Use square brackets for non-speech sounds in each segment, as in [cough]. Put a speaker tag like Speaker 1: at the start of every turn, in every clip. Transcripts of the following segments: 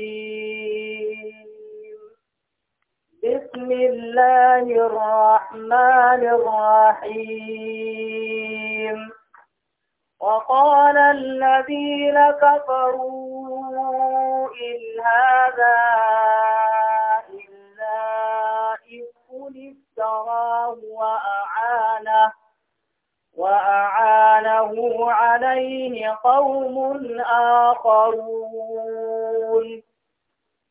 Speaker 1: الرجيم بسم الله الرحمن الرحيم وقال الذين كفروا إن هذا إلا إفك افتراه وأعانه وأعانه عليه قوم آخرون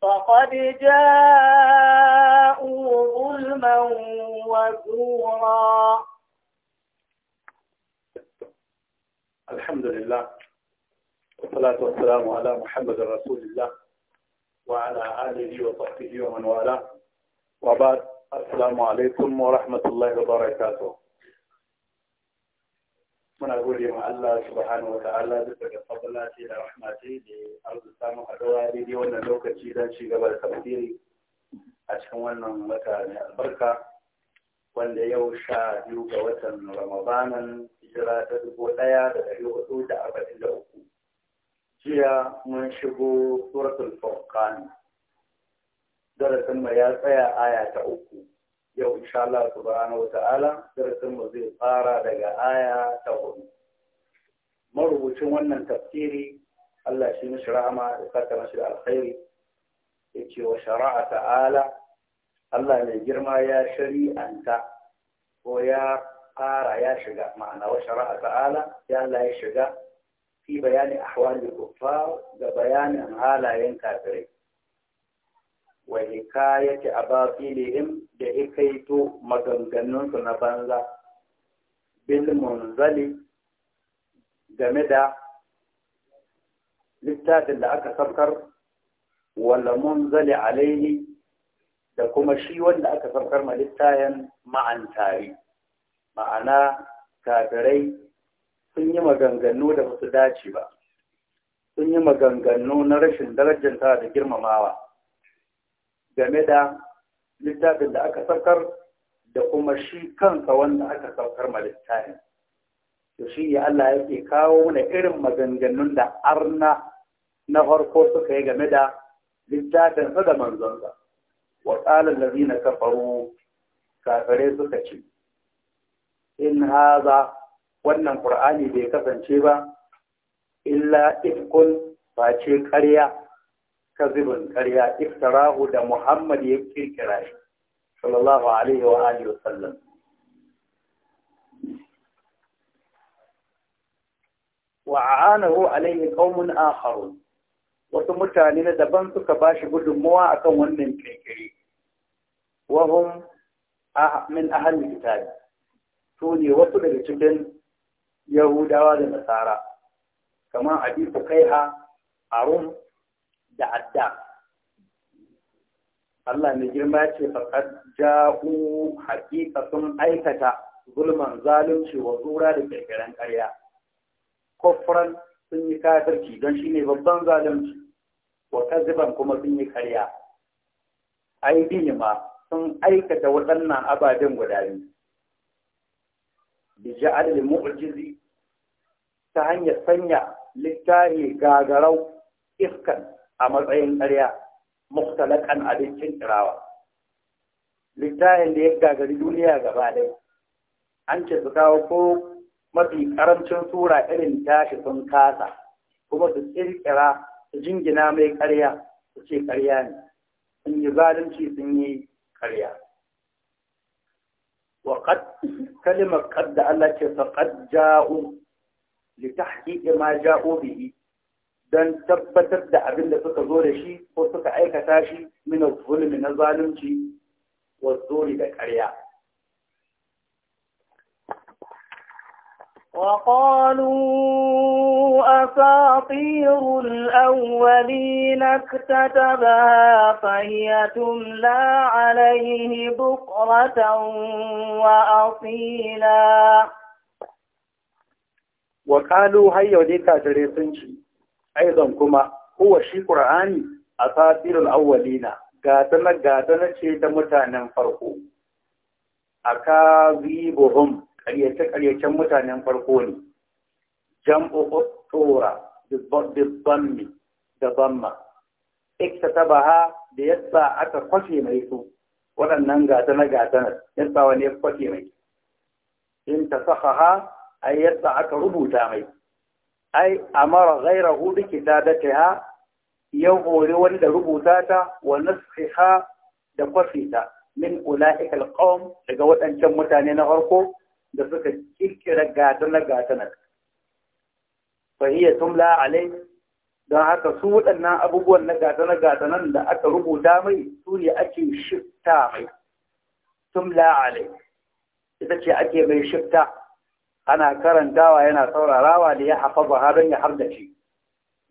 Speaker 1: فقد جاءوا ظلما وزورا
Speaker 2: الحمد لله والصلاة والسلام على محمد رسول الله وعلى آله وصحبه ومن والاه وبعد السلام عليكم ورحمة الله وبركاته muna gode ma Allah subhanahu wata'ala duk da fadla ce da rahma ce da arzu mu a da daidai wannan lokaci don ci gaba da tafsiri a cikin wannan wata mai albarka wanda yau sha biyu ga watan ramadanan hijira ta dubu ɗaya da ɗari hudu da arba'in da uku jiya mun shigo suratul furqan darasin ya tsaya aya ta uku yau insha Allah subhanahu ta'ala darasin mu zai fara daga aya ta hudu marubucin wannan tafsiri Allah shi mishi rahama da saka mashi da alkhairi yace wa shara'a ta'ala Allah mai girma ya shari'anta ko ya fara ya shiga ma'ana wa shara'a ta'ala ya Allah ya shiga fi bayani ahwalil kuffar da bayanin halayen kafirai wa hikayati abatilihim da kaito maganganunsu na banza bil munzali game da littafin da aka saukar wala munzali alaihi da kuma shi wanda aka saukar ma littayen ma'antari ma'ana kafirai sun yi maganganu da wasu dacewa, dace ba sun yi maganganu na rashin darajanta da girmamawa game da littafin da aka saukar da kuma shi kansa wanda aka saukar ma littafin to shi ya Allah yake kawo mana irin maganganun da arna na farko suka yi game da littafin sa da manzonsa wa qala allazina kafaru kafare suka ce in haza wannan kur'ani bai kasance ba illa ifkun face ƙarya kazibin karya iftarahu da Muhammad ya kirkira shi sallallahu alaihi wa alihi wa sallam wa aanahu alaihi qaumun akharun wasu mutane na daban suka bashi gudunmuwa akan wannan kirkiri wa hum ah, min ahli kitab to ne wasu daga cikin yahudawa da nasara kamar abi kaiha arun da adda Allah mai girma ce faƙad ja'u haƙiƙa aikata zulman zalunci wa zura da ƙirƙiren ƙarya. Kofran sun yi kafirci don shi ne babban zalunci, wa kaziban kuma sun yi ƙarya. Aibini ma sun aikata waɗannan ababen guda biyu. Bi mu'ujizi mu'jizi ta hanyar sanya littahi gagarau iskan a matsayin ƙarya muktalakan abincin turawa littafin da ya gagari duniya gaba ɗaya an ce su kawo ko mafi ƙarancin sura irin tashi sun kasa kuma su kirkira su jingina mai ƙarya su ce ƙarya ne sun yi zalunci sun yi ƙarya wa kalimar qad da Allah ce fa qad ja'u li ma ja'u bihi don tabbatar da abin da suka zo da shi ko suka aikata shi min zulmi na zalunci wa zuri da ƙarya
Speaker 1: وقالوا أساطير الأولين اكتتبها فهي تملى عليه بكرة وأصيلا
Speaker 2: وقالوا هيا وديك أجري سنشي aidan kuma huwa shi qur'ani asatirul awwalina gatana gatana ce ta mutanen farko akazibuhum ƙaryace ƙaryacen mutanen farko ne jam'u tsora bibbanmi da bamma ha da yadda aka kwashe mai su waɗannan gatana gatana yadda wani ya kwashe mai in ha a yadda aka rubuta mai ai amara ghaira hudu kitabatiha ya hori wanda rubuta ta wa nasiha da kwafita min ula'ika alqawm daga waɗancan mutane na farko da suka kirkira gatana gatana fa hiya tumla alai don haka su waɗannan abubuwan na gatana nan da aka rubuta mai su ne ake shifta mai tumla alai ita ce ake mai shifta ana karantawa yana saurarawa da ya hafaza har ya hardace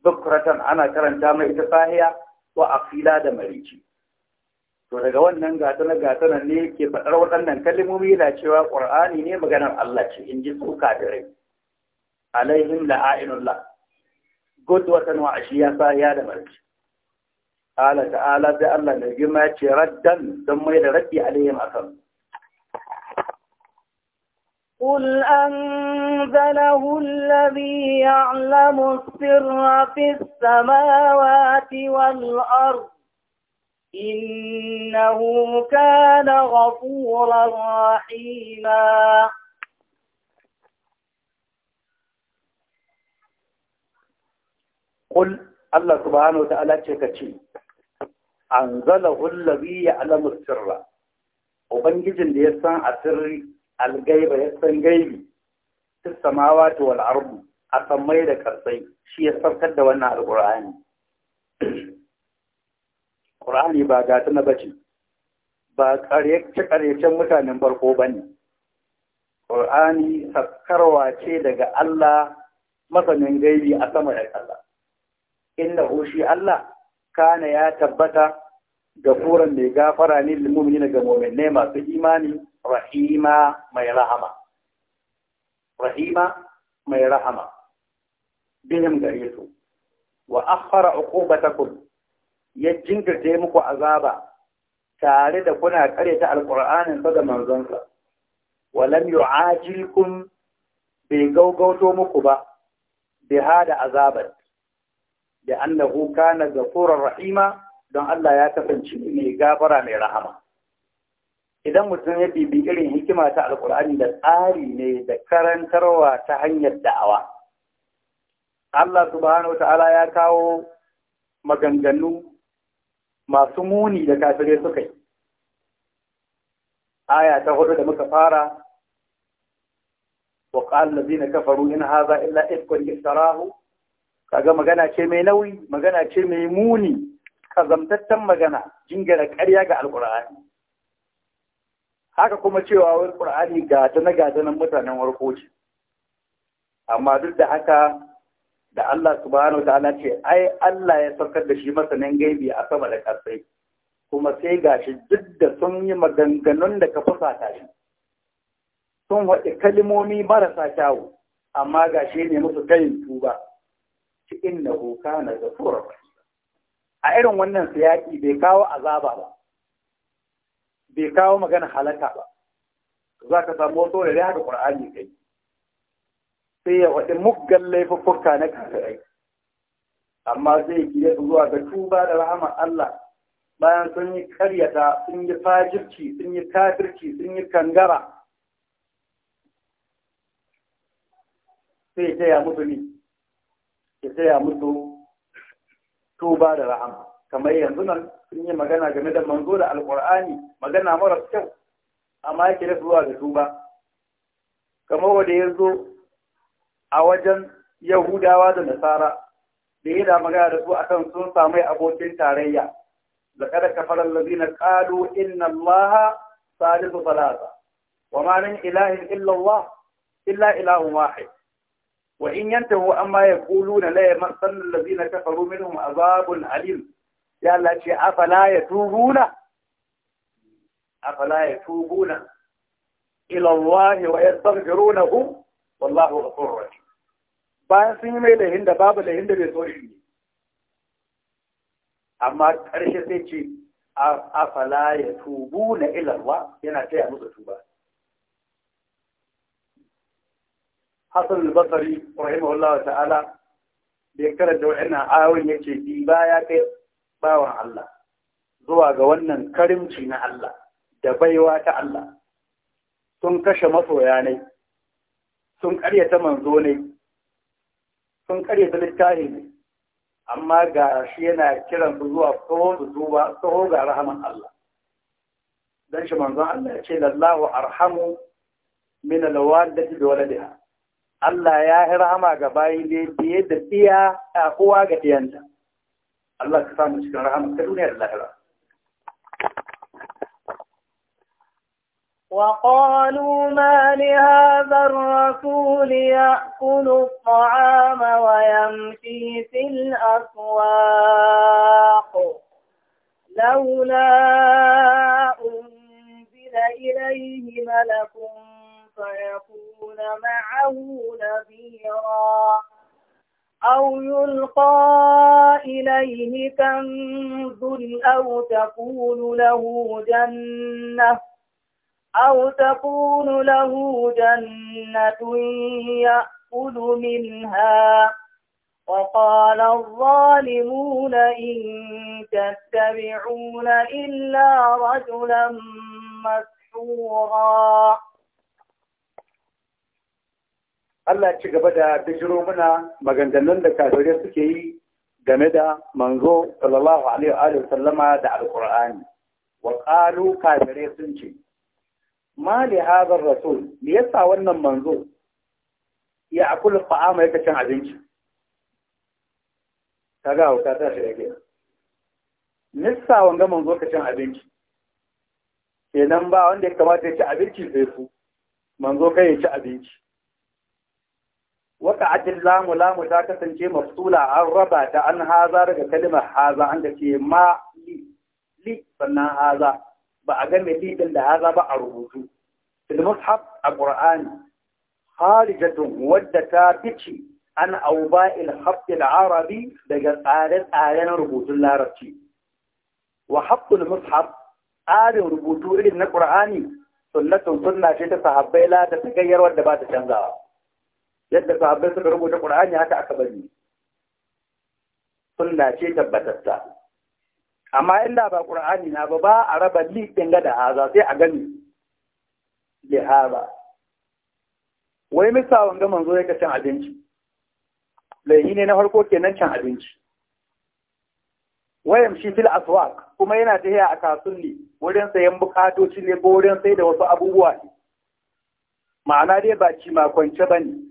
Speaker 2: bukratan ana karanta mai ita sahiya wa afila da marici to daga wannan gatana gatana ne yake faɗar waɗannan kalmomi da cewa qur'ani ne maganar Allah ce in ji suka su kafirai alaihim la'ainullah gudwatan wa ashiya sahiya da marici قال تعالى ده الله نجمع ردا da يرد عليهم أكثر
Speaker 1: قل أنزله الذي يعلم السر في السماوات والأرض إنه كان غفورا رحيما
Speaker 2: قل الله سبحانه وتعالى تكتشي أنزله الذي يعلم السر وبنجد ليسان السر algaiba ya san gaibi ta samawa ta wal ardu a sammai da karsai shi ya sarkar da wannan alqur'ani Ƙur'ani [clears throat] ba gata na bace ba ƙaryace ƙaryacen mutanen farko bane Ƙur'ani sarkarwa ce daga Allah masanin gaibi a sama da ƙasa inna shi Allah kana ya tabbata gafuran mai gafara ne lil mu'minina ga mu'minai masu imani rahima mai rahama rahima mai rahama bihim gare su wa akhara uqubatakum ya jinkirce muku azaba tare da kuna kare ta alqur'anin sa da manzonsa wa lam yu'ajilkum bai gaugauto muku ba bi hada azabat da annahu kana ghafurar rahima don Allah ya kasance mai gafara mai rahama idan mutum ya bibi irin hikima ta Alƙur'ani da tsari ne da karantarwa ta hanyar da'awa Allah subhanahu Ta'ala ya kawo maganganu masu muni da kafirai suka yi aya ta hudu da muka fara wa na zina kafaru in haza illa ifkon iftarahu kaga magana ce mai nauyi magana ce mai muni kazamtaccen magana jingina ƙarya ga alƙur'ani haka kuma cewa wani ƙur'ani na gatanan mutanen warko amma duk da haka da Allah subhanahu ta'ala ce ai Allah ya saukar da shi masanin gaibi a sama da ƙasai kuma sai gashi duk da sun yi maganganun da ka fusata shi sun waɗi kalimomi marasa kyawu amma ga ne musu tayin tuba cikin na kuka na gafura a irin wannan siyaki bai kawo azaba ba bai kawo magana halaka ba za ka samu wato da haka ƙur'ani kai sai ya waɗi muggan laifuffuka na kafirai amma zai gida zuwa ga tuba da rahama Allah bayan sun yi karyata sun yi fajirci sun yi kafirci sun yi kangara sai ya taya musu ne ya taya musu tuba da rahama kamar yanzu nan sun yi magana game da manzo da alkur'ani magana mara kyau amma yake da zuwa da tuba kamar wanda ya zo a wajen yahudawa da nasara da da magana da su akan sun samu abokin tarayya da kada kafarar الذين Salisu إن الله ثالث ثلاثة وما من إله ilahin illallah illa ilahun واحد wa in yantahu amma yaquluna la yamassanna allazina kafaru minhum azabun alim ya Allah ce afala yatubuna afala yatubuna ila Allah wa yastaghfirunahu wallahu ghafurur rahim bayan sun yi mai lahin da babu lahin da bai so shi amma ƙarshe sai ce afala yatubuna ila Allah yana taya musu tuba hasan al-basri rahimahullah ta'ala da ya karanta wa'annan ayoyin yace bi baya kai bawan Allah zuwa ga wannan karimci na Allah da baiwa ta Allah sun kashe masoya ne sun karyata manzo ne sun karyata littafi ne amma ga shi yana kiran su zuwa tsoho da duba tsoho ga rahaman Allah dan shi manzo Allah ya ce lallahu arhamu min alwalidati bi waladiha Allah ya yi rahama ga bayi da fiye da fiya a kowa ga fiyanta. Allah ka samu cikin rahama ta duniya da lahira.
Speaker 1: وقالوا ما لهذا الرسول يأكل الطعام ويمشي في الأسواق
Speaker 2: لولا
Speaker 1: أنزل إليه ملك فيكون معه نذيرا أو يلقى إليه كنز أو تكون له جنة أو تكون له جنة يأكل منها وقال الظالمون إن تتبعون إلا رجلا مسحورا
Speaker 2: Allah ci gaba da bijiro muna maganganun da kafirai suke yi game da manzo sallallahu alaihi wa sallama da alqur'ani wa qalu kafirai sun ce ma li hadha rasul me yasa wannan manzo ya akul fa'ama yake cin abinci kaga hauka ta shi yake nissa wanga manzo ka cin abinci kenan ba wanda ya kamata ya ci abinci sai su manzo kai ya ci abinci waka ajin lamu lamu ta kasance mafsula an raba ta an haza daga kalimar haza an da ce ma li li sannan haza ba a ga li din da haza ba a rubutu fil mushaf a qur'ani harijatun wadda ta fice an auba'il hafil arabi daga tsare-tsaren rubutun larabci wa hafil mushaf tsarin rubutu irin na qur'ani sunnatun sunna ce ta sahabbai la ta tagayyar wadda ba ta canzawa yadda sahabbai suka rubuta Qur'ani haka aka bari sunna ce tabbatatta amma inda ba Qur'ani na ba ba a raba li din ga da haza sai a gani li haza wai misawan ga manzo yake cin abinci lai ne na farko kenan cin abinci Wayam shi fil aswaq kuma yana tafiya a kasulli wurin sayan bukatoci ne ko wurin sai da wasu abubuwa ma'ana dai ba ci ma kwance bane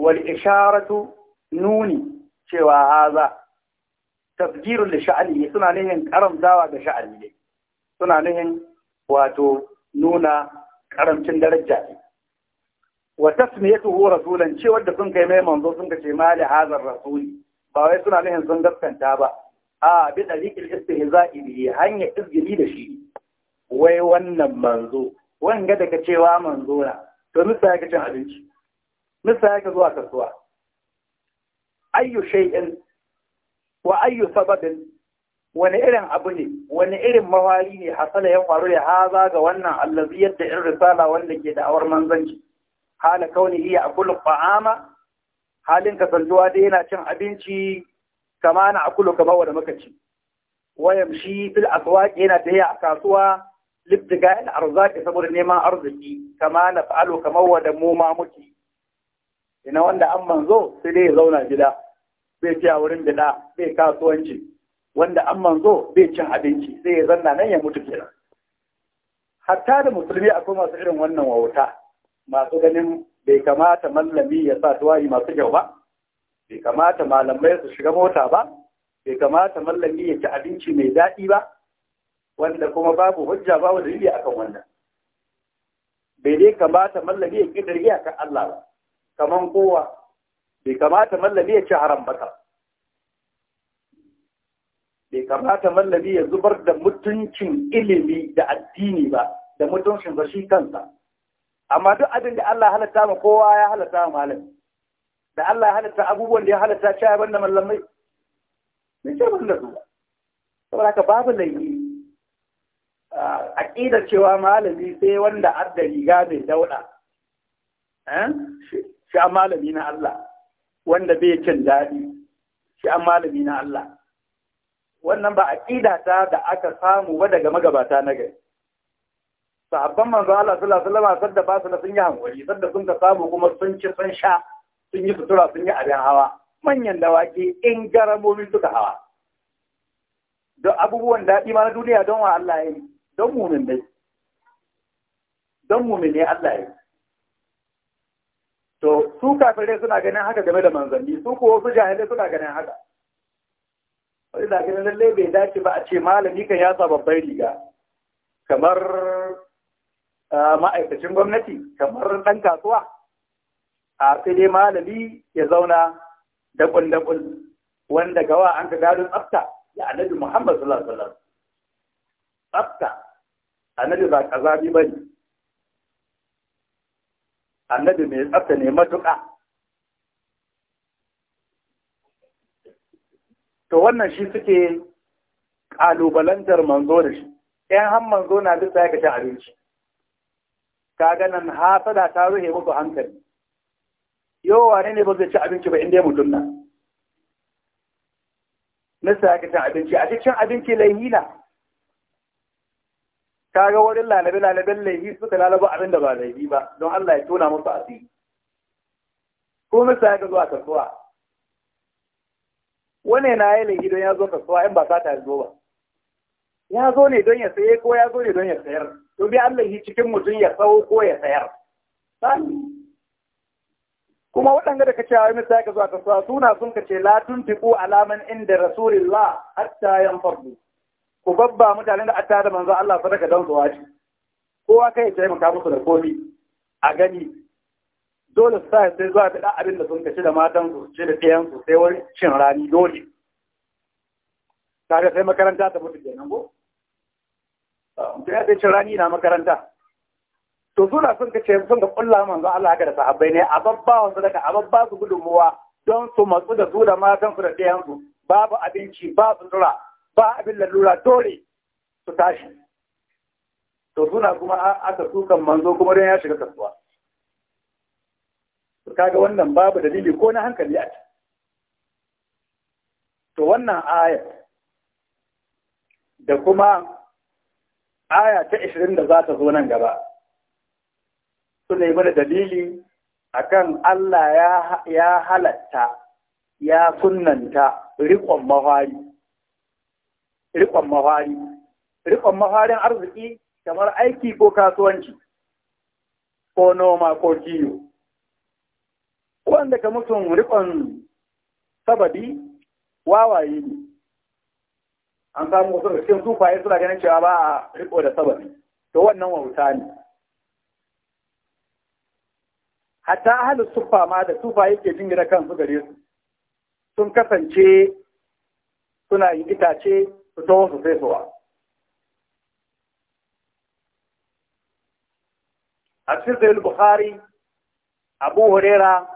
Speaker 2: wal isharatu nuni cewa haza tafjirun da sha'ani suna nuhin karamtawa da sha'ani ne suna nuhin wato nuna karamcin daraja ne wa tuho rasulan ce da sun kai mai manzo sun kace ma da hazar rasuli ba wai suna nuhin sun gaskanta ba a bi dariqil istihza'i bihi hanya izgili da shi wai wannan manzo wanga daga cewa manzo na to misa yake cin abinci misa yake zuwa kasuwa ayyu shay'in wa ayyu sababin wani irin abu ne wani irin mawari ne hasala ya faru da haza ga wannan allazi yadda in risala wanda ke da awar manzanci hala kauni iya akulu fa'ama halin kasantuwa dai yana cin abinci kama na akulu kama wanda muka ci wayam shi fil aswaq yana tafiya a kasuwa libtiga al arzaki saboda neman arziki kama na fa'alu kama wanda mu ma muke ina wanda an manzo sai dai ya zauna gida bai fiya wurin bida bai kasuwanci wanda an manzo bai cin abinci sai ya zanna nan ya mutu kenan hatta da musulmi akwai masu irin wannan wauta masu ganin bai kamata mallami ya sa tuwayi masu kyau ba bai kamata malamai su shiga mota ba bai kamata mallami ya ci abinci mai daɗi ba wanda kuma babu hujja babu dalili akan wannan bai dai kamata mallami ya ƙi ka Allah ba kaman kowa bai kamata mallami ya ci haram ba ka bai kamata mallami ya zubar da mutuncin ilimi da addini ba da mutuncin ba shi kansa amma duk abin da Allah halatta ma kowa ya halatta ma malami da Allah ya halatta abubuwan da ya halatta cewa banda mallamai ne ce banda su saboda haka babu laifi aqidar cewa malami sai wanda adda riga mai dauda eh shi an malami na Allah wanda bai cin daɗi shi an malami na Allah wannan ba aqida ta da aka samu ba daga magabata na gari sahabban manzo Allah sallallahu alaihi wasallam sadda ba su da sun yi hankali sadda sun ka samu kuma sun ci sun sha sun yi sutura sun yi abin hawa manyan dawaki in garamomin suka hawa don abubuwan daɗi ma na duniya don wa Allah ya yi don mumin dai don mumin ne Allah ya yi to su kafirai suna ganin haka game da manzanni su kuwa su jahilai suna ganin haka wani da ganin lalle bai dace ba a ce malami kan yasa babban riga kamar ma'aikacin gwamnati kamar ɗan kasuwa a sai dai malami ya zauna daƙun daƙun. wanda gawa an ka gado tsafta ya annabi Muhammad sallallahu alaihi wasallam tsafta annabi ba kazabi bane annabi mai tsafta ne matuƙa to wannan shi suke ƙalubalantar manzo da shi ‘yan han manzo na bisa ya kashe abinci ka ganin hasada ta ruhe muku hankali yau wane ne ba zai ci abinci ba inda ya mutum na nasa ya kashe abinci a cikin abinci laihina kaga wurin lalabe lalaben laifi suka lalaba abin da ba laifi ba don Allah ya tona musu asiri ko misa ya zuwa kasuwa wane na yi laifi don ya zo kasuwa in ba sata ya zo ba ya zo ne don ya saye ko ya zo ne don ya sayar to bi Allah yi cikin mutum ya sau ko ya sayar kuma waɗanda da ka ce wai misa ya zuwa kasuwa suna sun ka ce la fiƙo alaman inda rasulillah hatta yanfardu ku babba mutanen da atta da manzo Allah sadaka don su waji kowa kai ya taimaka musu da komi a gani dole su sai sai zuwa da abin da sun kace da matan su ce da tayan su sai wani cin rani dole kaga sai makaranta ta mutu kenan ko ah, to ya sai cin rani na makaranta to suna sun kace sun ga kulla manzo Allah haka da sahabbai ne a babba wasu daga a babba su gudunmuwa don su matsu da su da matan su da tayan su babu abinci babu tsura ba abin lalura dole su tashi to suna kuma aka sukan manzo kuma don ya shiga kasuwa su kaga wannan babu dalili ko na hankali a to wannan aya da kuma aya ta 20 da za ta zo nan gaba su ne mana dalili akan Allah ya halatta ya kunnanta riƙon mahari riƙon mahari riƙon maharin arziki kamar aiki ko kasuwanci ko noma ko kiyo wanda ka mutum riƙon sababi wawaye ne an samu wasu cikin suna ganin cewa ba a riƙo da sababi to wannan wauta ne hatta halin sufa ma da sufa yake jingina kansu gare su sun kasance suna yin itace su su sai suwa a cikin zai bukhari abu hurera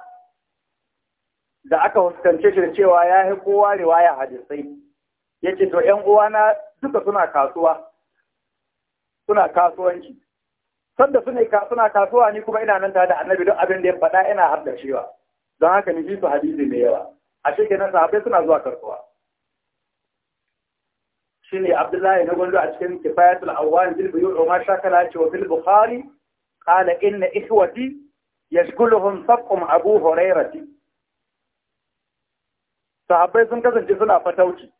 Speaker 2: da aka huskance shi da cewa ya yi kowa riwaya hadisai ya ce to ‘yan uwana duka suna kasuwa suna kasuwanci sanda suna kasuwa ni kuma ina nan tare da annabi don abin da ya faɗa ina har don haka ni fi su hadisi mai yawa a shekenan sahabbai suna zuwa kasuwa shine Abdullahi na Gwando a cikin Kifayatul Awwal bil Buyu'i ma shakala ce wa bil Bukhari qala inna ikhwati yashghuluhum saqum Abu Hurairah sahabbai sun kasance suna fatauci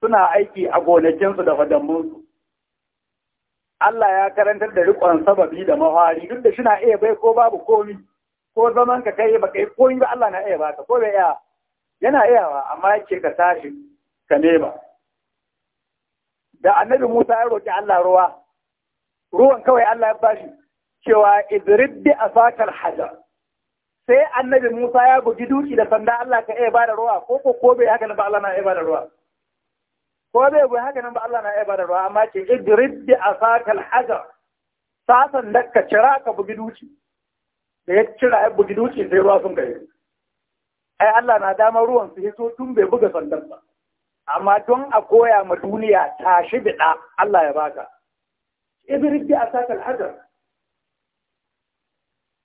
Speaker 2: suna aiki a gonakinsu da su Allah ya karantar da riƙon sababi da mahari duk da shina iya bai ko babu komi ko zaman ka kai ba kai komi ba Allah na iya baka ko bai iya yana iyawa amma yake ka tashi ka nema da annabi Musa ya roƙi Allah ruwa ruwan kawai Allah ya bashi cewa idrib a sakar hajar sai annabi Musa ya bugi duki da sanda Allah ka iya bada ruwa ko ko ko bai haka nan ba Allah na iya bada ruwa ko bai bai haka nan ba Allah na iya bada ruwa amma ce idrib a sakar hajar sasan da ka cira ka bugi duki da ya cira ya bugi duki sai ruwa sun kai ai Allah na dama ruwan su hito tun bai buga sandan ba amma don a koya ma duniya tashi biɗa Allah ya baka ibirin bi a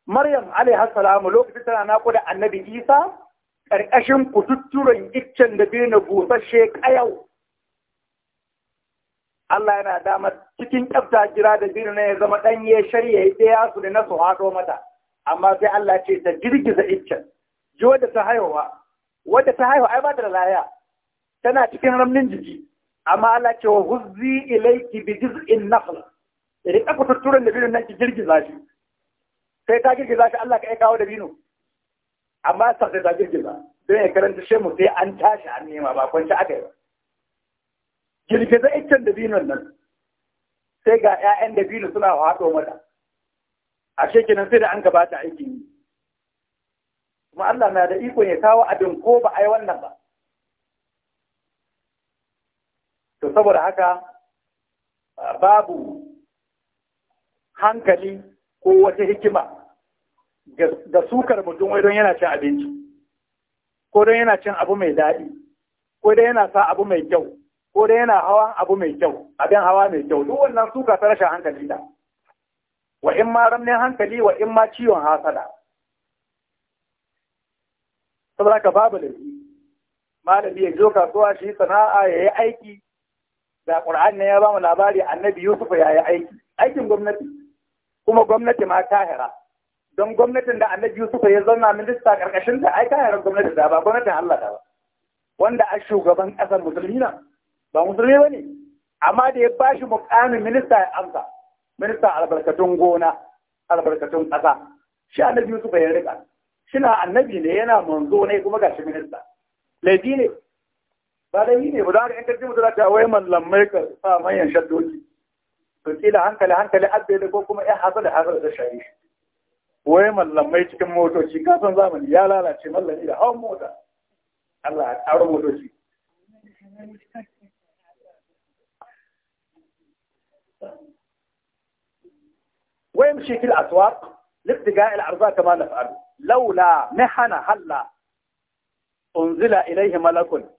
Speaker 2: maryam alaiha salam lokacin tana nakuda annabi isa ƙarƙashin kututturen iccen da bai na busasshe kayau Allah yana damar cikin ƙafta jira da biyu na ya zama ɗanye shari'a ya ya su da na su mata amma sai Allah ce ta girgiza iccen jo da ta haihuwa wadda ta haihuwa ai ba ta da laya tana cikin ramnin jiki amma Allah ce wa huzzi ilayki bi juz'in nakhl idan ku tutturan da binin nan ki girgiza shi sai ka girgiza shi Allah ka aika kawo da bino amma sai ta girgiza don ya karanta shi mu sai an tashi an nema ba kwanci aka yi ba girgiza iccen da binon nan sai ga 'ya'yan da bino suna haɗo mata ashe kenan sai da an gabata aiki kuma Allah na da iko ya kawo abin ko ba a yi wannan ba to saboda haka babu hankali ko wata hikima ga sukar mutum wai don yana cin abinci ko don yana cin abu mai daɗi ko don yana sa abu mai kyau ko don yana hawa abu mai kyau abin hawa mai kyau duk wannan suka ta rashin hankali da wa in ma ramnin hankali wa in ma ciwon hasada saboda ka babu laifi malami ya zo kasuwa shi sana'a ya yi aiki da Qur'an ne ya ba mu labari annabi Yusuf ya yi aiki aikin gwamnati kuma gwamnati ma Tahira. don gwamnatin da annabi Yusuf ya zauna minista karkashin ta ai tahira gwamnati da ba gwamnatin Allah da ba wanda a shugaban kasar musulmi na ba musulmi ba ne amma da ya bashi mukamin minista ya amsa minista albarkatun gona albarkatun ƙasa shi annabi Yusuf ya rika shina annabi ne yana manzo ne kuma gashi minista laifi ne ba da yi ne ba za ka in ka ji mutum za ta wai mallamai ka sa manyan shaddoki to kila hankali hankali abbe da ko kuma ya hasa da hasa da shari wai mallamai cikin motoci kasan zamani ya lalace mallami da hawan mota Allah ya ƙaro motoci ويمشي في الأسواق لابتغاء الأرزاق كما نفعل لولا محن هلا أنزل إليه ملك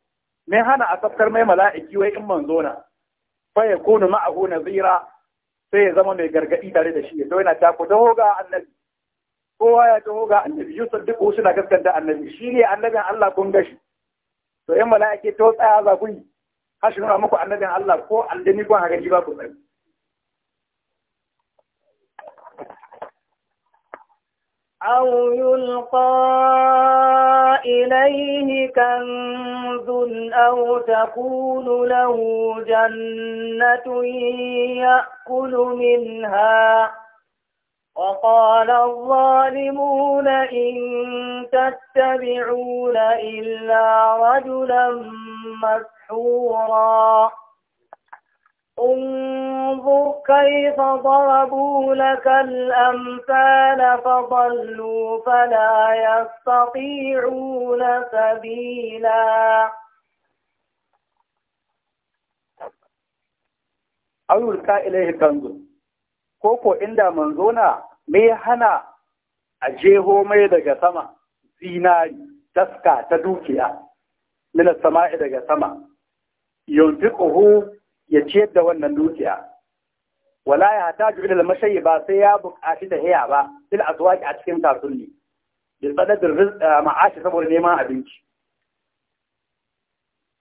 Speaker 2: me hana a tafkar mai mala'iki wai in manzo na fa ya kunu ma'ahu nazira sai ya zama mai gargadi tare da shi ya yana ta ku taho ga annabi kowa ya taho ga annabi yusuf duk wasu na gaskanta annabi shi ne annabin Allah kun gashi to yan mala'iki to tsaya za ku yi Hashi shi muku annabin Allah ko aljani ko ji ba ku sani
Speaker 1: أو يلقى إليه كنز أو تكون له جنة يأكل منها وقال الظالمون إن تتبعون إلا رجلا مسحورا انظر كيف ضربوا لك na فضلوا فلا يستطيعون سبيلا
Speaker 2: أو يلقى إليه كنز koko inda manzo na me hana a jeho mai daga sama zinari taska ta dukiya mina sama'i daga sama yanzu ƙuhu ya ciyar da wannan dukiya wala ya hata ji da mashayi ba sai ya buƙaci da haya ba fil aswaki a cikin tasulli bi tsadadin eh, ma'ashi saboda neman abinci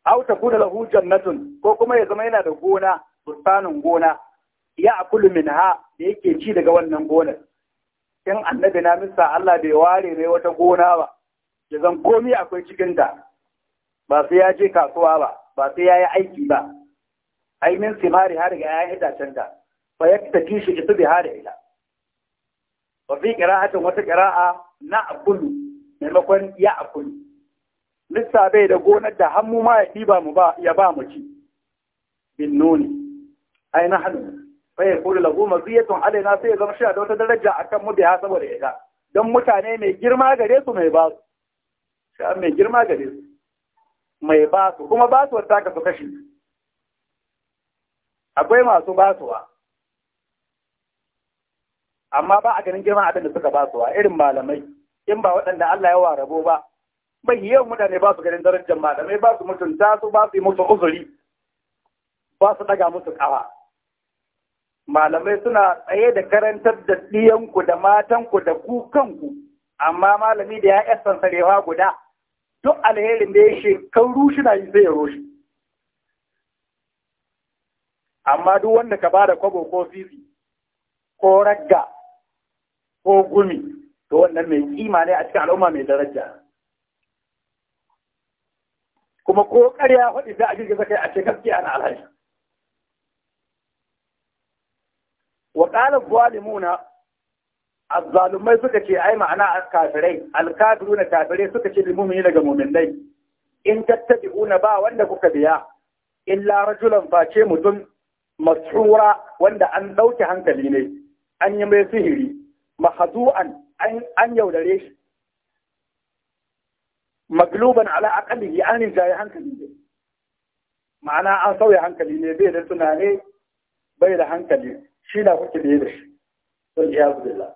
Speaker 2: aw kuna lahu jannatun ko kuma ya zama yana da gona bustanin gona ya akulu ha, da yake ci daga wannan gonar in annabi na misa Allah bai ware mai wata gona ba ya zan komai akwai cikin ta ba sai ya je kasuwa ba ba sai ya yi aiki ba ai min simari har ga hida can da fa ya yaktafi shi ita bi har ila wa fi qira'atin wata qira'a na akulu maimakon ya akulu lissa bai da gonar da hannu ma ya ɗiba mu ba ya ba mu ci bin nuni ai na hannu fa ya kula lahu maziyatun alaina sai ya zama shi da wata daraja akan mu biya saboda ita don mutane mai girma gare su mai ba su mai girma gare su mai ba su kuma ba su wata ka su kashi akwai masu basuwa amma ba a ganin girman abin da suka basuwa irin malamai in ba waɗanda Allah ya wa ba bai yawan mutane ba su ganin darajar malamai ba su mutunta su ba su yi musu uzuri ba su daga musu kawa malamai suna tsaye da karantar da ɗiyanku da matanku da ku kanku amma malami da ya yasan sarewa guda duk alherin da ya shekaru shi na yi sai ya roshi amma duk wanda ka ba da kwabo ko fifi ko ragga ko gumi to wannan mai kima ne a cikin al'umma mai daraja kuma ko ƙarya faɗi za a girgiza kai a ce gaskiya na alhaji wa qala zalimuna azzalumai suka ce ai ma'ana kafirai na kafirai suka ce limumini daga mu'minai in tattabi'una ba wanda kuka biya illa rajulan face mutum masura wanda an ɗauke hankali ne an yi mai sihiri Mahadu'an an yaudare shi magluban ala aqalihi an rinjaye hankali ne ma'ana an sauya hankali ne bai da tunani, bai da hankali shi na kuke da shi sun iya billah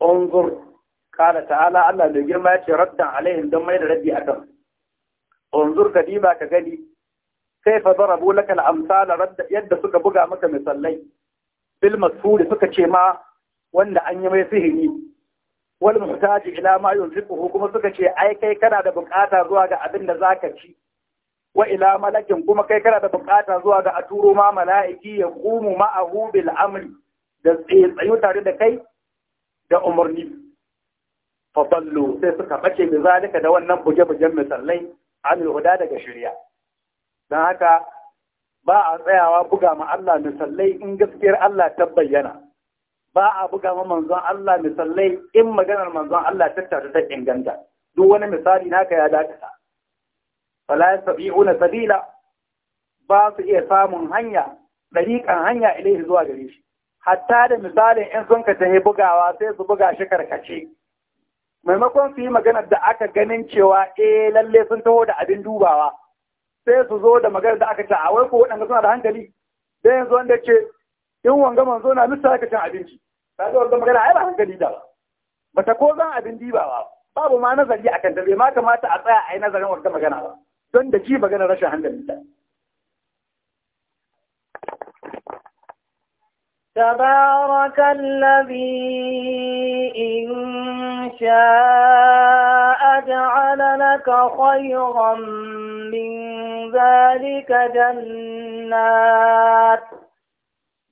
Speaker 2: unzur qala ta'ala Allah da girma ya ce raddan alaihim dan mai da rabbi akan unzur kadiba ka gani Sai fa darabu laka al-amsal yadda suka buga maka misallai. bil masfuri suka ce ma wanda an yi mai sihiri wal muhtaji ila ma yunfiquhu kuma suka ce ai kai kana da bukata zuwa ga abin da zaka ci wa ila malakin kuma kai kana da bukata zuwa ga aturo ma mala'iki ya qumu ma'ahu bil amri da tsayu tare da kai da umarni fa sai suka bace bi zalika da wannan buge-bugen misallai an huda daga shari'a don haka ba a tsayawa buga ma Allah misallai in gaskiyar Allah ta bayyana ba a buga ma manzon Allah misallai in maganar manzon Allah ta ta inganta duk wani misali naka ya dakata fala yasabiuna sabila ba su iya samun hanya dariƙan hanya ilaihi zuwa gare shi hatta da misalin in sun ka tahi bugawa sai su buga shi karkace maimakon su yi maganar da aka ganin cewa eh lalle sun taho da abin dubawa sai su zo da magana da aka ce a wai ko waɗanda suna da hankali sai yanzu wanda ke in wanga manzo na misa aka cin abinci ta zo wanda magana ai ba hankali da ba bata ko zan abin diba ba, babu ma nazari a kanta bai ma kamata
Speaker 1: a tsaya a yi nazarin wanda magana ba
Speaker 2: don da ji magana rashin hankali ta.
Speaker 1: تبارك الذي إن شاء جعل لك خيرا من ذلك جنات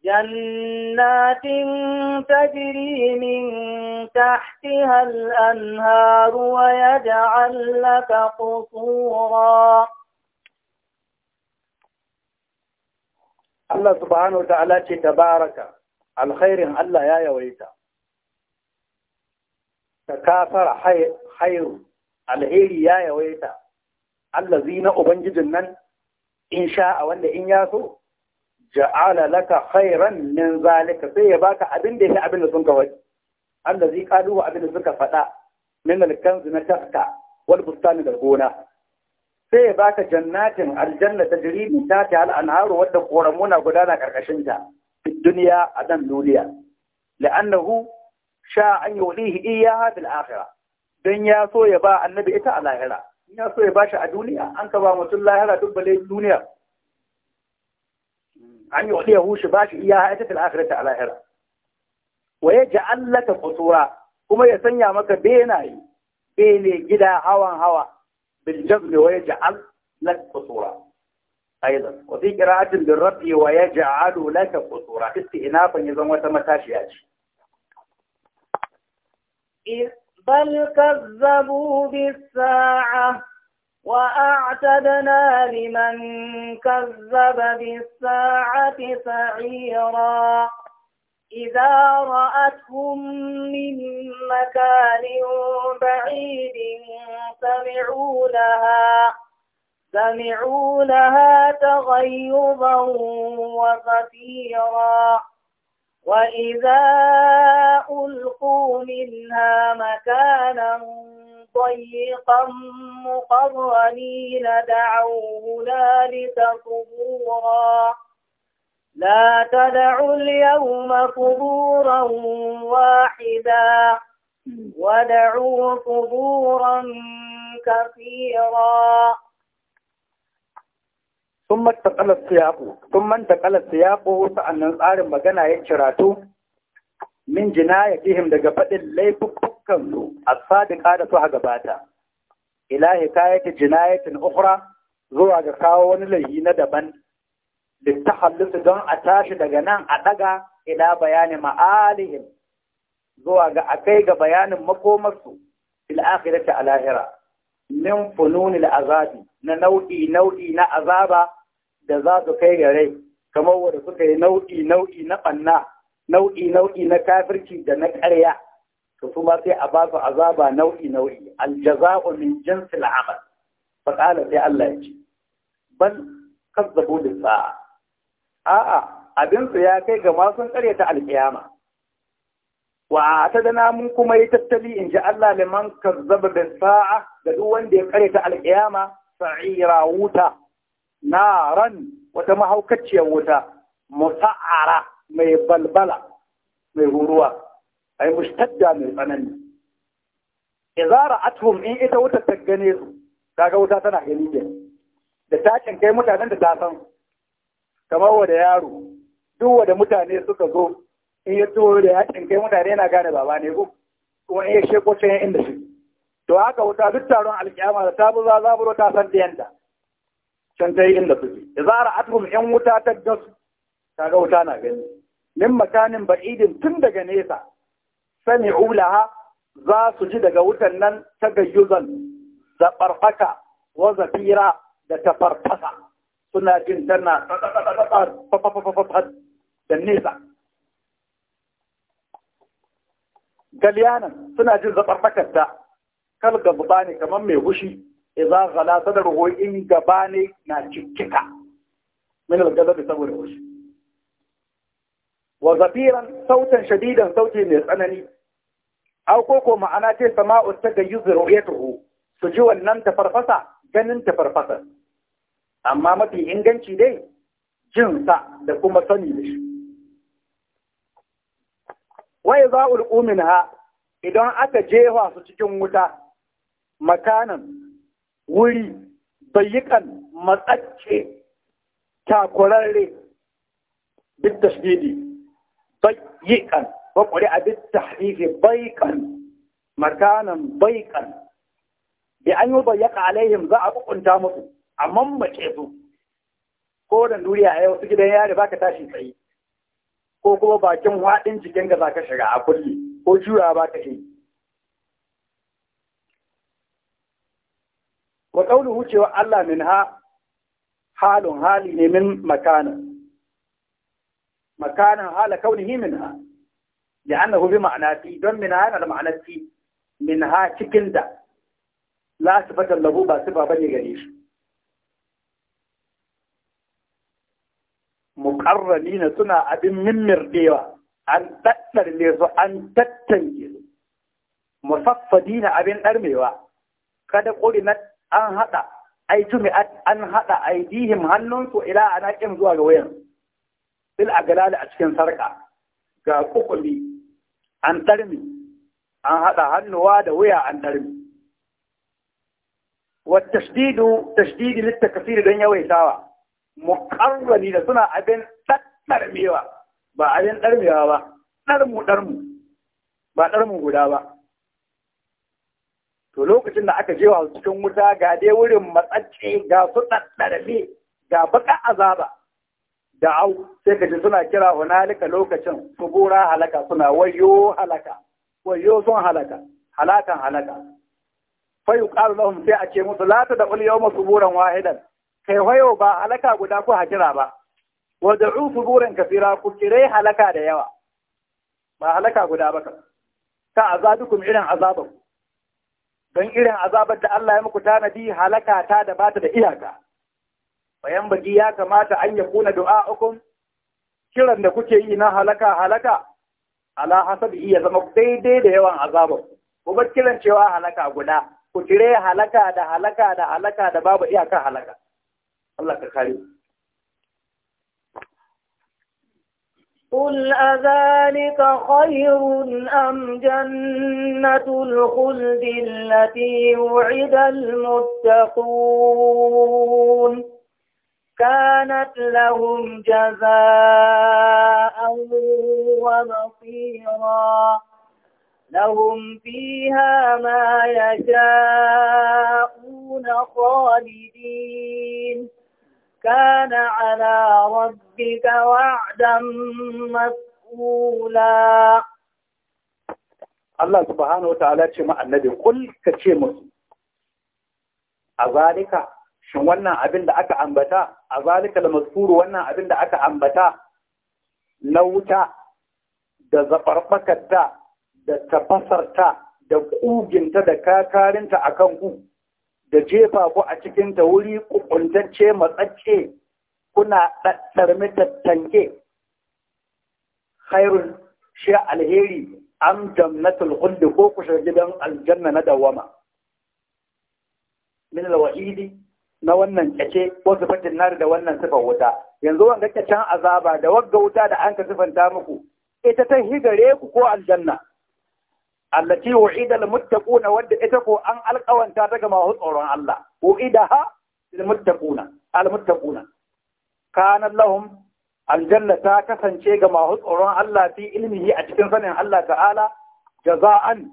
Speaker 1: جنات تجري من تحتها الأنهار ويجعل لك قصورا
Speaker 2: الله سبحانه وتعالى تبارك الخير الله يا يويتا تكاثر حير الهي يا يويتا allazi na ubangijin nan in sha'a wanda in ya so ja'ala laka khairan min zalika sai ya baka abin da yake abin da sun wani allazi qaluhu abin da suka faɗa min alkanz na taska wal bustani da gona sai ya baka jannatin aljanna ta jiri min ta ta al'anharu wadda koramuna gudana karkashin ta duniya a nan duniya la'annahu sha an yulihi iyyaha fil akhirah dan ya so ya ba annabi ita a lahira ina so ya bashi a duniya an ka ba mutum lahira duk bale duniya an yi wani yahu shi bashi iya haita fil akhirati a lahira wa ya ja'al laka qutura kuma ya sanya maka benaye bene gida hawan hawa bil jazm wa ya ja'al laka qutura aidan wa fi qira'atin bil rabbi wa ya ja'alu laka qutura istinafan yazan wata matashiya ce
Speaker 1: بل كذبوا بالساعة وأعتدنا لمن كذب بالساعة سعيرا إذا رأتهم من مكان بعيد سمعوا لها سمعوا لها تغيظا وغفيرا وإذا ألقوا منها مكانا ضيقا مقرنين دعوا هنالك ثبورا لا تدعوا اليوم ثبورا واحدا ودعوا ثبورا كثيرا
Speaker 2: sun kalar siyaƙo sun mantakalar siyaƙo sa'annan tsarin magana ya ciratu min jina ya fihim daga faɗin laifukan su a sadiƙa da a gabata Ilahi ila ya jinayatin u'kura, zuwa ga kawo wani laifi na daban littahallus don a tashi daga nan a ɗaga ila bayani ma'alihim zuwa ga a kai ga bayanin makomarsu il akhirati a lahira min fununil azabi na nau'i nau'i na azaba da za su kai ga rai kamar wanda suka yi nau'i nau'i na ɓanna nau'i nau'i na kafirci da na ƙarya to su ma sai a ba su azaba nau'i nau'i aljaza'u min jinsi amal fa qala sai Allah ya ce bal kazzabu bis sa'a a'a abin su ya kai ga masu karya ta alƙiyama wa ta da namun kuma yi tattali in ji Allah liman kazzaba bis sa'a da duk wanda ya ta alƙiyama sa'ira wuta naran wata mahaukaciyar wuta musa'ara mai balbala mai huruwa ai mushtadda mai tsanani idza atum in ita wuta ta gane su kaga wuta tana gani ke da ta kai mutanen da ta san kamar wa da yaro duk wa da mutane suka zo in ya tuwo da ya kai mutane yana gane baba ne ko kuma in ya sheko can inda shi to haka wuta duk taron alkiyama da ta buza zaburo ta san da yanda can ta yi inda suke a ra'atuhum 'yan wuta ta gasu ga wuta na gani min makanin ba'idin tun daga nesa sami'u laha za su ji daga wutan nan ta gayyuzan zaɓarfaka, barfaka wa zafira da tafarfasa suna jin tana da nesa galiyanan suna jin zaɓarɓakarta kal gabba ne kamar mai hushi idza ghala sadruhu in ne na cikkika min al-ghadab saboda wasu wa zafiran sautan shadidan sauti mai tsanani aw ko ko ma'ana ce sama'u yuzuru yatuhu su ji wannan ta farfasa ganin ta farfasa amma mafi inganci dai jin sa da kuma sani da shi wa iza ulqu minha idan aka jefa su cikin wuta makanan wuri bayyukan matsacce takurarre bit tashdidi bayyikan wa a bit tahrifi bayyukan makanan bayyukan da an yi bayyaka alaihim za a kukunta musu a mammace su ko da duniya a yau su gidan yare baka tashi tsaye ko kuma bakin haɗin cikin ga ka shiga a kulle ko jura ba ka shi وقوله هو الله منها حال حال من مكان مكان حال كونه منها لأنه بمعنى في دون منها على معنى في منها شكل ده لا صفة له بصفة بني غريش مقرنين سنة أبن من مرديوة أن تأثر ليسو أن تتنجل مصفدين أبن أرميوة kada kodi na an haɗa ai tumi an haɗa aidihim hannunsu ila anaqim zuwa ga wayan bil agalal a cikin sarka ga kukuli an tarmi an haɗa hannuwa da wuya an tarmi wa tashdidu tashdidi lit takfir dan tawa muqarrani da suna abin tattarmewa ba abin ɗarmewa ba ɗarmu ɗarmu ba ɗarmu guda ba to lokacin da aka je wa cikin wuta ga dai wurin matsacce ga su ɗaɗɗarbe ga baka azaba da au sai ka ji suna kira hunalika lokacin su gora halaka suna wayo halaka wayo sun halaka halakan halaka fa yuqalu lahum sai a ce musu la ta da ul yawma suburan wahidan kai wayo ba halaka guda ku hakira ba wa da'u suburan kafira ku kire halaka da yawa ba halaka guda ba ka ta kuma irin azabakum don irin azabar da Allah ya muku tanadi halaka ta da bata da iyaka bayan baki ya kamata an ya kuna du'a ukun kiran da kuke yi na halaka halaka ala hasabi iya zama daidai da yawan azabar ku bar kiran cewa halaka guda ku cire halaka da
Speaker 1: halaka da halaka da babu iyaka halaka Allah ka kare قل أذلك خير أم جنة الخلد التي وعد المتقون كانت لهم جزاء ومصيرا لهم فيها ما يشاءون خالدين كان على ربك وعدا مسؤولا
Speaker 2: Allah subhanahu wata'ala ce ma annabi kul ka ce a zalika shin wannan abin da aka ambata a zalika da mazkuru wannan abin da aka ambata na wuta da zafarfakarta da tafasarta da ƙuginta da kakarinta akan ku da jefa ku a cikin ta wuri kukuntacce matsacce kuna ɗaɗɗarmi tattanke khairun shi alheri am jannatul khuldi ko ku shiga gidan aljanna na dawama min alwa'idi na wannan kace ko sifatin nar da wannan sifar wuta yanzu wanga kacan azaba da wagga wuta da an ka sifanta muku ita ta higare ku ko aljanna allati wa'ida almuttaquna wadda ita ko an alƙawanta daga masu tsoron Allah wa'idaha almuttaquna almuttaquna kana lahum aljanna ta kasance ga masu tsoron Allah fi ilmihi a cikin sanin Allah ta'ala jaza'an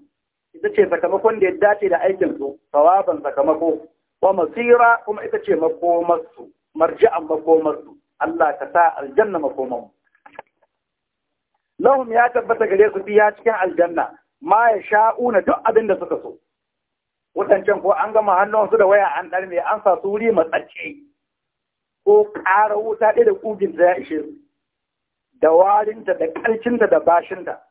Speaker 2: ita ce sakamakon da ya dace da aikin su sawaban sakamako wa masira kuma ita ce makomarsu marji'an makomarsu Allah ta sa aljanna makomarsu lahum ya tabbata gare su biya cikin aljanna ma ya sha'una duk abin da suka so wadancan ko an gama hannunsu da waya an ɗarme an sa su wuri matsacce ko ƙara wuta ɗaya da ƙugin ya ishe su da warinta da ƙarcinta da bashinta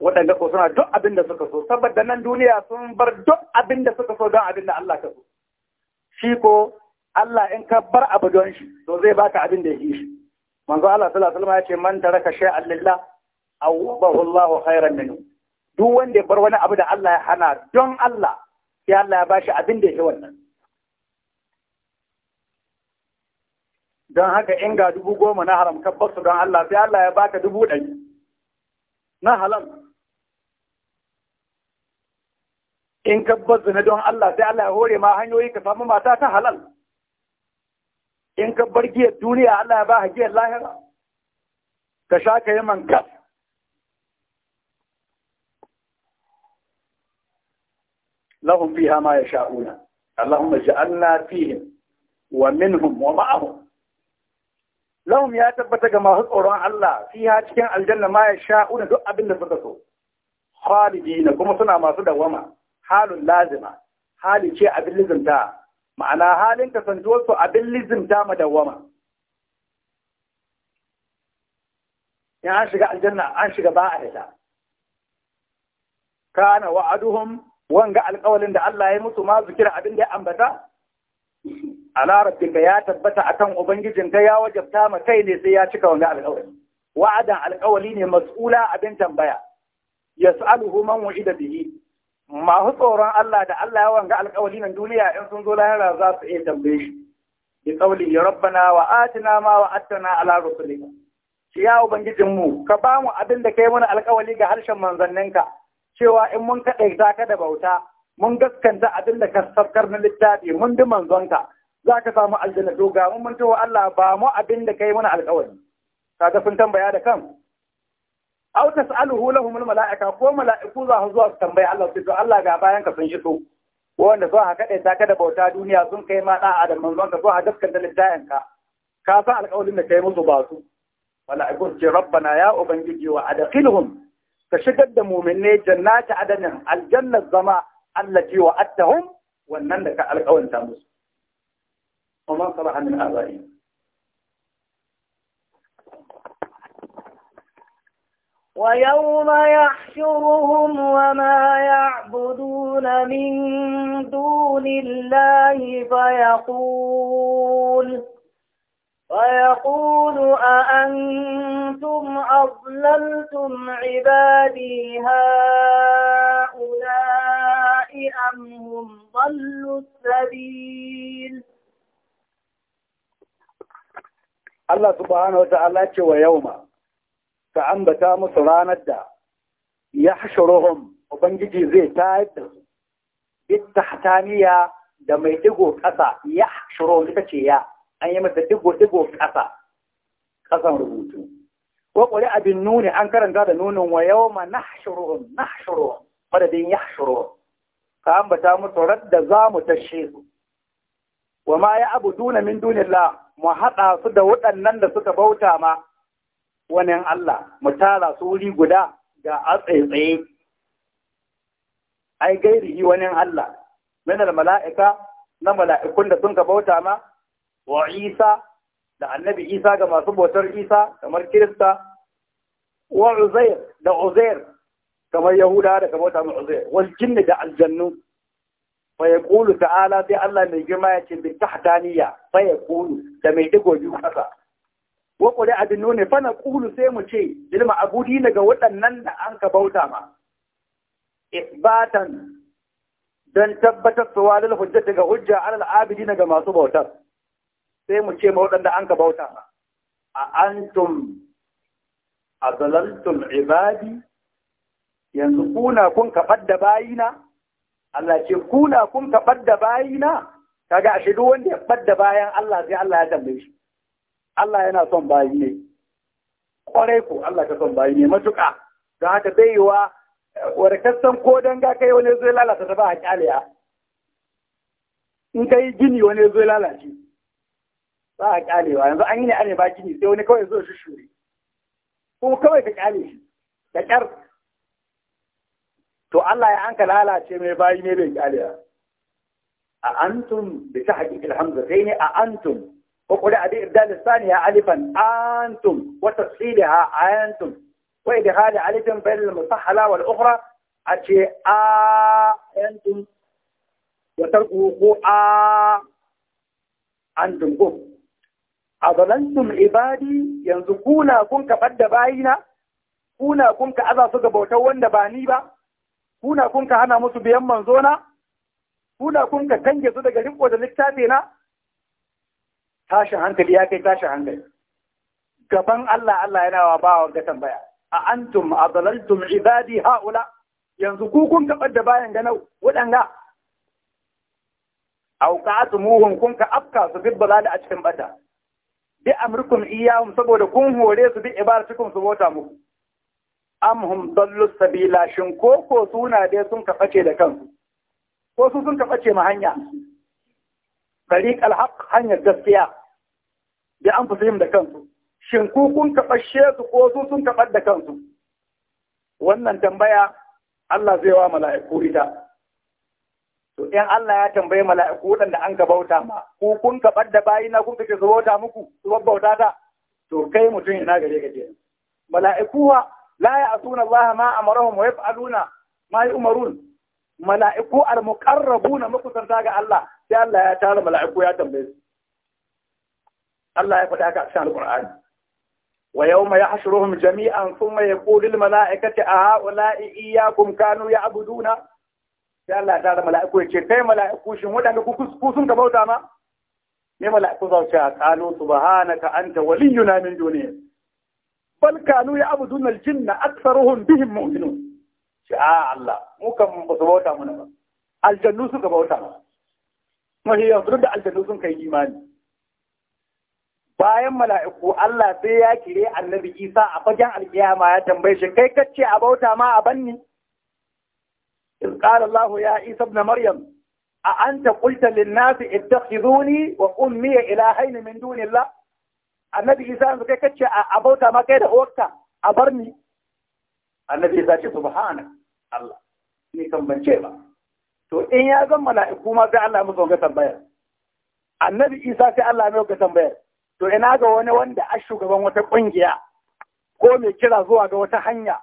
Speaker 2: waɗanda ko suna duk abin da suka so saboda nan duniya sun bar duk abin da suka so don abin da Allah ka so shi ko Allah in ka bar abu don shi to zai baka abin da ya yi shi manzo Allah sallallahu alaihi wasallam ya ce man taraka shay'an lillah awwabahu Allahu khairan minhu duk wanda ya bar wani abu da Allah ya hana don Allah sai Allah ya bashi abin da yake wannan don haka in ga dubu goma na haram tabbas don Allah sai Allah ya baka dubu ɗari na halal in kabbar zina don Allah sai Allah ya hore ma hanyoyi ka samu mata ta halal in kabbar giyar duniya Allah ya ba ha giyar lahira ka sha ka yi kas lahum fiha ma yasha'una Allahumma ja'alna fihim wa minhum wa ma'ahum lahum ya tabbata ga masu tsoron Allah fiha cikin aljanna ma yasha'una duk abin da suka so khalidina kuma suna masu dawama halun lazima hali ce abin lizimta ma'ana halin kasantuwar su abin lizimta madawama in an shiga aljanna an shiga ba a kana wa'aduhum wanga alƙawalin da Allah ya musu ma zikira abin da ya ambata ala rabbika ya tabbata akan ubangijin ka ya wajabta ma kai ne sai ya cika wanga alƙawari wa'adan alƙawali ne mas'ula abin tambaya yas'aluhu man da bihi masu tsoron Allah da Allah ya wanga alƙawali nan duniya in sun zo lahira za su iya tambaye shi bi qawli ya rabbana wa atina ma wa attana ala rusulika ya ubangijin ka ba mu abin da kai mana alƙawali ga harshen manzanninka cewa in mun kaɗaita ka da bauta mun gaskanta abin da ka sabkar na littafi mun bi manzonka za ka samu aljanna to ga mun tawo Allah ba mu abin da kai mana alƙawari kaga sun tambaya da kan aw tas'aluhu lahum mala'ika ko mala'iku za su zuwa su tambaya Allah sai to Allah ga bayan ka sun iso wanda zo ha kaɗai ta da bauta duniya sun kai ma da'a da manzonka zo ha gaskanta littafin ka ka san alƙawarin da kai musu ba su mala'ikun ce rabbana ya ubangiji wa adkhilhum فشقد مؤمني جنات عدن الجنة الظما التي وعدتهم وننك على قول تامس وما صلح من آبائهم
Speaker 1: ويوم يحشرهم وما يعبدون من دون الله فيقول ويقول أأنتم أضللتم عبادي هؤلاء أم هم ضلوا السبيل
Speaker 2: الله سبحانه وتعالى ويوما فعن بتام سران الدا يحشرهم وبنجي زي تايد بالتحتانية دميتقو قصا يحشرهم لتشيا an yi masa digo-digo ƙasa ƙasan rubutu ko ƙuri abin nuni an karanta da nunin wa yau ma na shuruhun na shuruhun madadin ya shuruhun ka ambata mutu radda za mu tashe su wa ma ya abu duna min dunillah mu haɗa su da waɗannan da suka bauta ma wani Allah mu tara su wuri guda ga a tsaye ai gairihi wani Allah min mala'ika na mala'ikun da sun ka bauta ma wa Isa da annabi Isa ga masu bautar Isa kamar Kirista wa Uzair da Uzair kamar Yahuda da kamar ta Uzair wal jinni da aljannu fa yaqulu ta'ala sai Allah mai girma ya ce bi tahdaniya fa yaqulu da mai digo biyu kasa wa qul abin fa naqulu sai mu ce ilma abudi ga waɗannan da an ka bauta ma isbatan dan tabbatar da walil hujja daga hujja alal abidi ga masu bautar sai mu ce ma waɗanda an ka bauta ma a antum ibadi yanzu kuna kun kaɓar da bayina Allah ce kuna kun kaɓar da bayina kaga ashe duk wanda ya ɓadda bayan Allah sai Allah ya tambaye shi Allah yana son bayi ne kwarai ku Allah ka son bayi ne matuƙa don haka bai yiwa warkassan ko danga kai wani zai lalata ta ba a kyaliya in kai gini wani zai lalace ba a ƙalewa yanzu an yi ne ana baki ne sai wani kawai zo shi shure kuma kawai ka ƙale shi da ƙyar to Allah ya an ka lalace mai bayi ne bai ƙalewa a antum bi ta haƙiƙil hamza sai ne a antum وقرأ بإبدال الثانية ألفا أنتم وتفصيلها أنتم وإدخال ألف بين المصحلة والأخرى أتي آ أنتم وتركه آ أنتم قم a ibadi yanzu kuna kun kaɓar da bayina kuna kun ka aza su ga bautar wanda ba ni ba kuna kun ka hana musu biyan manzo manzona kuna kun ka kange su daga riko da littafi na Tashi hankali ya kai tashi hankali gaban Allah Allah yana wa bawa ga tambaya a antum adlaltum ibadi haula yanzu ku kun kaɓar da bayan ganau waɗanga auqa'atumuhum kun ka afka su bibbala da a cikin bata bi amrikum iyahum saboda kun hore su bi ibaratikum su bota muku amhum dallu sabila shin ko ko suna dai sun ka face da kansu ko su sun ka face ma hanya tariq alhaq hanyar gaskiya bi an fusim da kansu shin ku kun ka fashe su ko su sun ka da kansu wannan tambaya Allah zai wa mala'iku ita to in Allah ya tambaye mala'iku waɗanda an ka bauta ma ko kun ka bayi na kun kace su bauta muku su bauta ta to kai mutum ina gare ka je. mala'iku wa la ya'suna Allah ma amarahum wa yaf'aluna ma yu'marun mala'iku al-muqarrabuna makusanta ga Allah sai Allah ya tara mala'iku ya tambaye su Allah ya faɗa ka a cikin Al-Qur'ani wa yawma yahshuruhum jami'an thumma yaqulu lil mala'ikati a ha'ula'i iyyakum kanu ya'buduna sai Allah ya tara mala'iku ya ce kai mala'iku shin waɗanda ku sun ka bauta ma ne mala'iku za su ce qalu subhanaka anta waliyuna min duniya bal kanu abu al-jinna aktsaruhum bihim mu'minun ce a Allah mu kan ba su bauta mana ba aljannu suka bauta mana mahi yanzu da aljannu sun kai imani bayan mala'iku Allah sai ya kire annabi Isa a fagen alkiyama ya tambaye shi kai kace a bauta ma a banni إذ قال الله يا عيسى ابن مريم أأنت قلت للناس اتخذوني وأمي إلهين من دون الله annabi isa yanzu kai kace a bauta ma kai da uwarka a bar ni annabi isa ce subhana Allah ni kan bance ba to in ya zan mala'iku ma sai Allah ya musu ga tambayar annabi isa sai Allah mai ga tambayar to ina ga wani wanda a shugaban wata kungiya ko mai kira zuwa ga wata hanya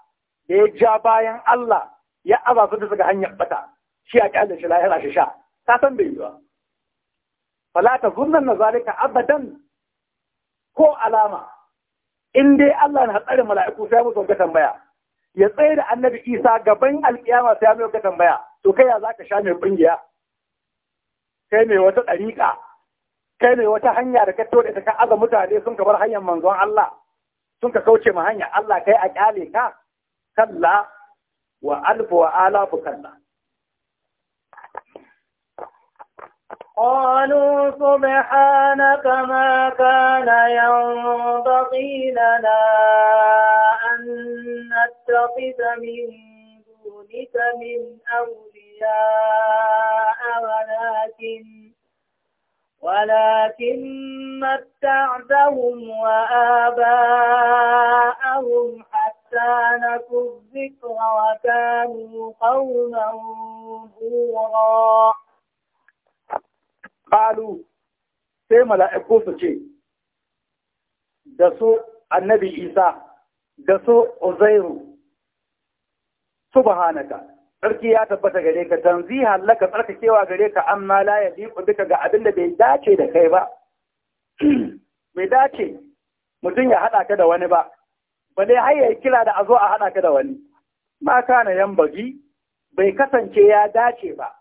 Speaker 2: da ya ja bayan Allah ya aza su bisa ga hanyar bata shi a kyalin shi lahira shi sha ta san bai yiwa fala ta zunnan na zalika abadan ko alama in dai Allah na hatsarin mala'iku sai musu ga tambaya ya tsaye da annabi Isa gaban alkiyama sai mai ga tambaya to kai ya zaka sha mai kungiya kai mai wata ɗariƙa kai mai wata hanya da ka tore ta ka aza mutane sun ka bar hanyar manzon Allah sun ka kauce ma hanya Allah kai a kyale ka kalla وألف وآلاف wa
Speaker 1: قالوا سبحانك ما كان ينبغي لنا أن نتخذ من دونك من أولياء ولكن ولكن متعتهم وآباءهم استانكوا الذكر وكانوا قوما بورا
Speaker 2: قالوا sai mala'iku su ce da su annabi isa da su uzairu tsarki ya tabbata gare ka tanziha laka tsarkakewa gare ka amma la ya liku duka ga abin da bai dace da kai ba bai dace mutum ya haɗa ka da wani ba bale har ya kila da a zo a haɗa ka da wani ma kana yan bagi bai kasance ya dace ba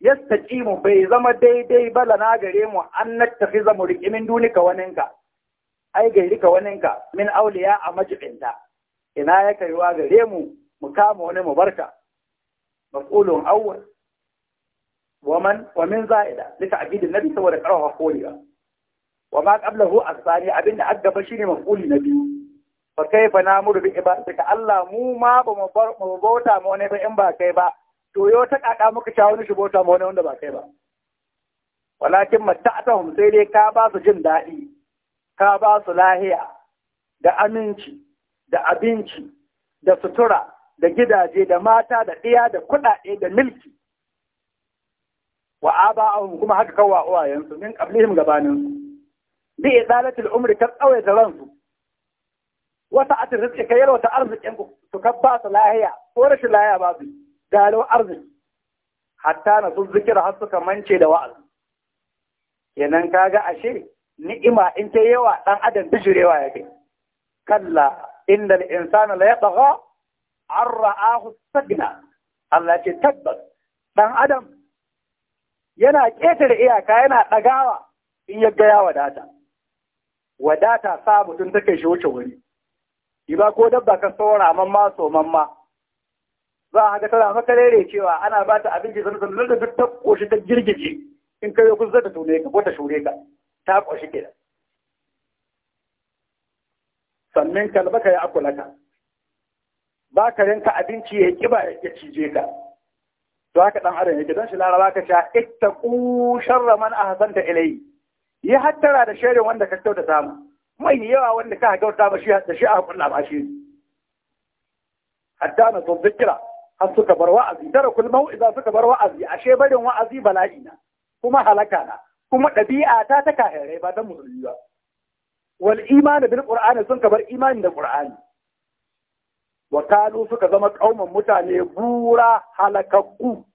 Speaker 2: Yasta mu bai zama daidai ba lana gare mu an nattakhiza murqimin dunika waninka ai gairika waninka min auliya a majibinta ina ya wa gare mu mu kama wani mu barka maqulun awwal waman wa min za'ida lika abidin nabi saboda karfafa koliya wa ma qablahu a sani abinda addaba shine maquli na biyu fa kaifa namuru bi ibadika Allah mu ma ba mu bauta mu wani ba in ba kai ba to yo ta kaka muka ta wani shi bauta mu wani wanda ba kai ba walakin matta'atahum sai dai ka ba su jin daɗi ka ba su lahiya da aminci da abinci da sutura da gidaje da mata da ɗiya da kuɗaɗe da milki wa aba'ahum kuma haka kawa uwayensu min qablihim gabanin bi idalatil umri ta tsawaita ransu wata atin rizki ka yalwata arzikin ku su kafa su lahiya ko rashin lahiya ba su gano arziki hatta na sun zikira har suka mance da wa'azi kenan kaga ashe ni'ima in ta yawa dan adam bijirewa ya kai kalla inda insana la yatagha an ra'ahu sagna Allah ce tabbas dan adam yana ƙetare iyaka yana ɗagawa in ya ga ya wadata wadata sa mutum take shi wuce wuri shi ba ko dabba ka saura mamma so mamma za a haka tana maka rere cewa ana ba ta abinci zan zan da duk ta koshi ta girgije in kai ku zata tune ka ko ta shure ka ta koshi ke sannan kalbaka ya akulaka ba ka rinka abinci ya kiba ya cije ka to haka dan adam yake dan shi laraba ka sha ittaqu sharra man ahsanta ilayhi yi hattara da shaidin wanda ka kyauta samu mai yawa wanda ka gauta ba shi da shi a kulla ba shi hatta na sun zikira har suka bar wa'azi tara kul mau'iza suka bar wa'azi ashe barin wa'azi bala'i na kuma halaka na kuma ɗabi'a ta ta kahirai ba dan musulmi ba wal imani bil qur'ani sun ka bar imani da qur'ani wa kanu suka zama kauman mutane bura halakakku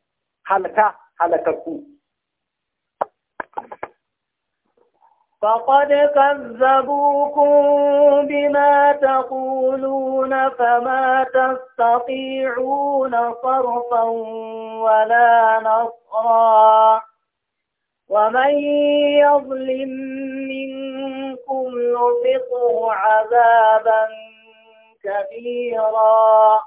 Speaker 2: halka halakakku
Speaker 1: فقد كذبوكم بما تقولون فما تستطيعون صرفا ولا نصرا ومن يظلم منكم نذقه عذابا كبيرا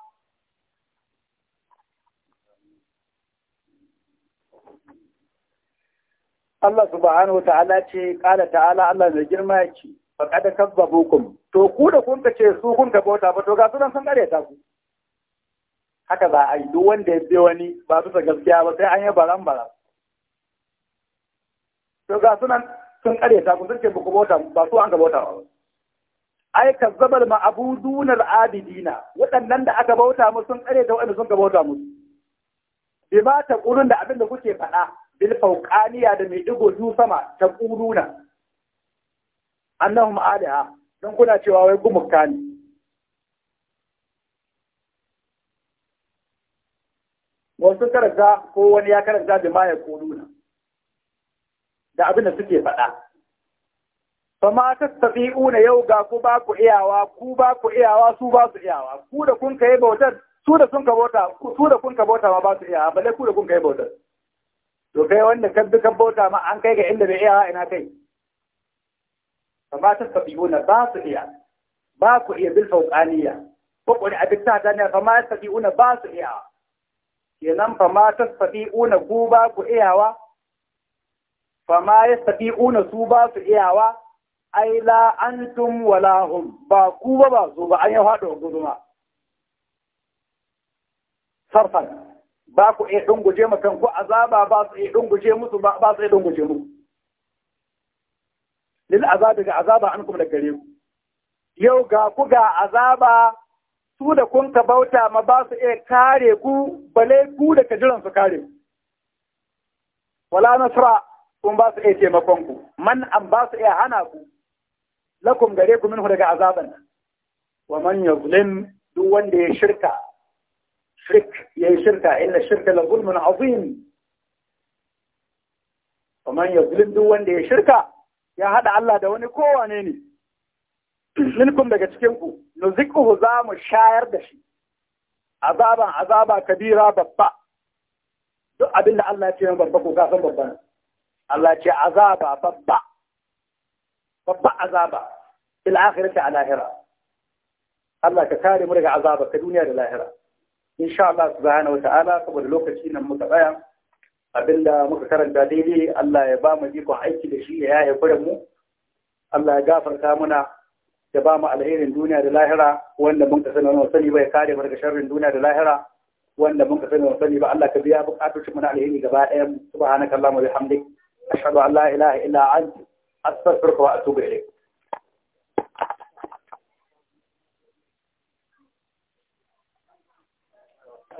Speaker 2: Allah subhanahu wa ta'ala ce ƙala ta'ala Allah mai girma ya ce ba kada kabba bukum to ku da kun ce su kun ka bauta ba to ga sunan sun kare ta ku haka za a yi duk wanda ya bi wani ba bisa gaskiya ba sai an yi baran baran to ga sunan sun kare ta ku sun ce ba ku bauta ba su an ka bauta ba ai kazzabar ma'abudunar abidina waɗannan da aka bauta musu sun kare ta waɗanda sun ka bauta musu bi ma ta da abin da kuke faɗa bil fauqaniya da mai digo du sama ta quluna annahum alaha don kuna cewa wai gumukta ne wasu karanta ko wani ya karanta bi ma ya quluna da abin da suke faɗa fama una yau ga ku ba ku iyawa ku ba ku iyawa su ba su iyawa ku da kun kai bautar su da sun ka su da kun ka bauta ma ba su iyawa balle ku da kun kai bautar to kai wanda ka bi kan bauta ma an kai ga inda bai iya ina kai amma ta tabiuna ba su iya ba ku iya bil fauqaniya ko kun a ta ta ne amma ta tabiuna ba su iya kenan fa ma ta tabiuna ku ba ku iyawa fa ma yastati'una su ba su iyawa ai la antum wala hum ba ku ba ba zo ba an yi hado guduma sarfan ba ku iya dunguje kan ku azaba ba su iya dunguje musu ba su iya dunguje mu lil azabi ga azaba an kuma da gare ku yau ga ku ga azaba su da kun ka bauta ma ba su iya kare ku bale ku da kajiran su kare ku wala nasra kun ba su iya taimakon ku man an ba su iya hana ku lakum gare ku minhu daga azaban wa man yuzlim duk wanda ya shirka shirk ya yi shirka inna shirka la zulmun azim man yazlim duk wanda ya shirka ya haɗa Allah da wani kowane ne minkum daga cikin ku nuziquhu za mu shayar da shi azaban azaba kabira babba duk abin Allah ya ce babba ko ka san babban Allah ce azaba babba babba azaba a lahira Allah ka kare mu daga azaba ka duniya da lahira insha Allah subhanahu ta'ala saboda lokaci nan muka tsaya abinda muka karanta daidai Allah ya ba mu iko aiki da shi ya yaye kuren mu Allah ya gafarta muna ya ba mu alherin duniya da lahira wanda mun ka sani wannan sani bai kare mu daga sharrin duniya da lahira wanda mun ka sani wannan sani ba Allah ka biya bukatun mu na alheri gaba ɗaya subhanakallahumma wa bihamdik ashhadu an la ilaha illa anta astaghfiruka wa atubu ilayk